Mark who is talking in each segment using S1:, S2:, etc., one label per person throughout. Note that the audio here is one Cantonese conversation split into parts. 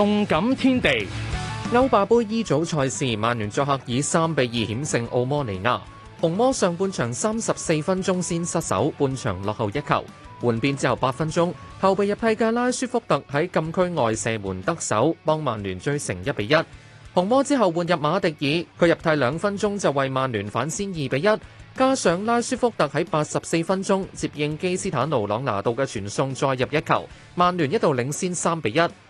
S1: 動感天地，歐霸杯 E 組賽事，曼聯作客以三比二險勝奧摩尼亞。紅魔上半場三十四分鐘先失手，半場落後一球。換邊之後八分鐘，後備入替嘅拉舒福特喺禁區外射門得手，幫曼聯追成一比一。紅魔之後換入馬迪爾，佢入替兩分鐘就為曼聯反先二比一。加上拉舒福特喺八十四分鐘接應基斯坦奴朗拿度嘅傳送再入一球，曼聯一度領先三比一。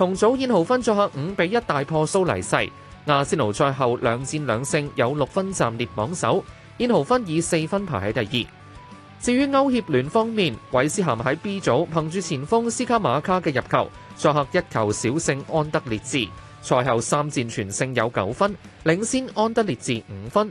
S1: 同組燕豪芬作客五比一大破蘇黎世，阿仙奴賽後兩戰兩勝，有六分暫列榜首。燕豪芬以四分排喺第二。至於歐協聯方面，韋斯咸喺 B 組憑住前鋒斯卡馬卡嘅入球，作客一球小勝安德烈治。賽後三戰全勝，有九分，領先安德烈治五分。